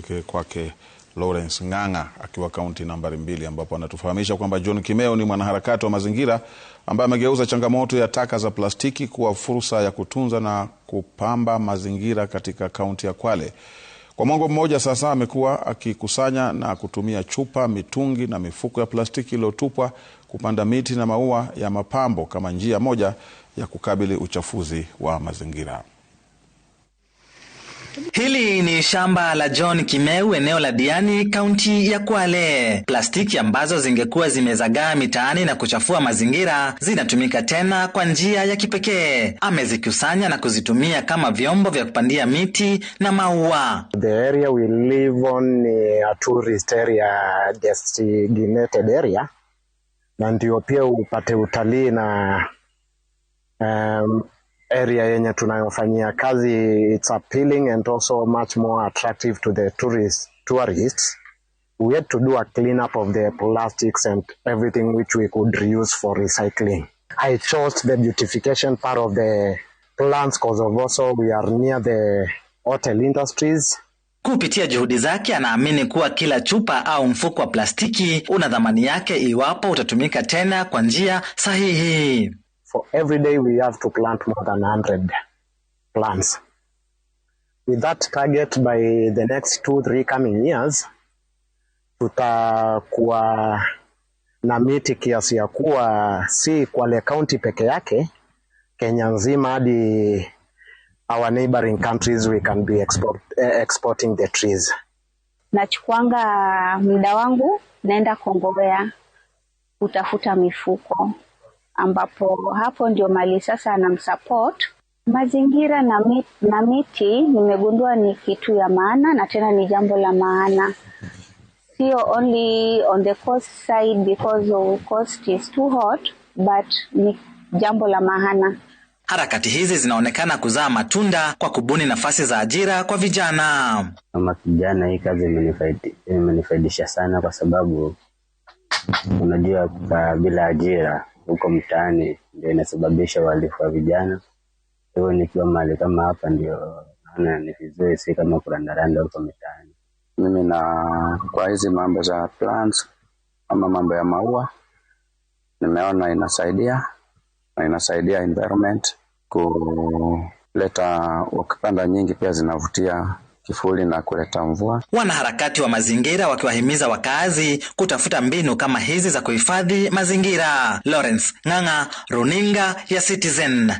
tuelekee kwake Lawrence Ng'ang'a akiwa kaunti nambari mbili ambapo anatufahamisha kwamba John Kimeo ni mwanaharakati wa mazingira ambaye amegeuza changamoto ya taka za plastiki kuwa fursa ya kutunza na kupamba mazingira katika kaunti ya Kwale. Kwa mwongo mmoja sasa amekuwa akikusanya na kutumia chupa, mitungi na mifuko ya plastiki iliyotupwa kupanda miti na maua ya mapambo kama njia moja ya kukabili uchafuzi wa mazingira. Hili ni shamba la John Kimeu eneo la Diani, kaunti ya Kwale. Plastiki ambazo zingekuwa zimezagaa mitaani na kuchafua mazingira zinatumika tena kwa njia ya kipekee. Amezikusanya na kuzitumia kama vyombo vya kupandia miti na maua. The area we live on a tourist area, designated area, na ndio pia upate utalii na um, area yenye tunayofanyia kazi it's appealing and also much more attractive to the tourist, tourists. We had to do a up of the plastics and everything which we could reuse for recycling. I chose the beautification part of the plants because of also we are near the hotel industries. Kupitia juhudi zake, anaamini kuwa kila chupa au mfuko wa plastiki una dhamani yake iwapo utatumika tena kwa njia sahihi. For every day, we have to plant more than 100 plants. With that target, by the next two, three coming years, tutakuwa na miti kiasi ya kuwa si Kwale County peke yake, Kenya nzima hadi our neighboring countries we can be export, uh, exporting the trees. Nachukuanga muda wangu naenda Kongowea kutafuta mifuko ambapo hapo ndio mali sasa anamsupport mazingira na miti, na miti nimegundua ni kitu ya maana na tena ni jambo la maana sio only on the cost side because of cost is too hot but ni jambo la maana harakati hizi zinaonekana kuzaa matunda kwa kubuni nafasi za ajira kwa vijana kama kijana hii kazi imenifaidisha sana kwa sababu Unajua ba, ah, bila ajira huko mtaani ndio inasababisha uhalifu wa vijana. Hivyo nikiwa mahali kama hapa, ndio naona ni vizuri, si kama kurandaranda huko mitaani. Mimi na kwa hizi mambo za plants ama mambo ya maua, nimeona inasaidia na inasaidia environment kuleta, ukipanda nyingi pia zinavutia kifuli na kuleta mvua. Wanaharakati wa mazingira wakiwahimiza wakazi kutafuta mbinu kama hizi za kuhifadhi mazingira. Lawrence Ng'ang'a, Runinga ya Citizen.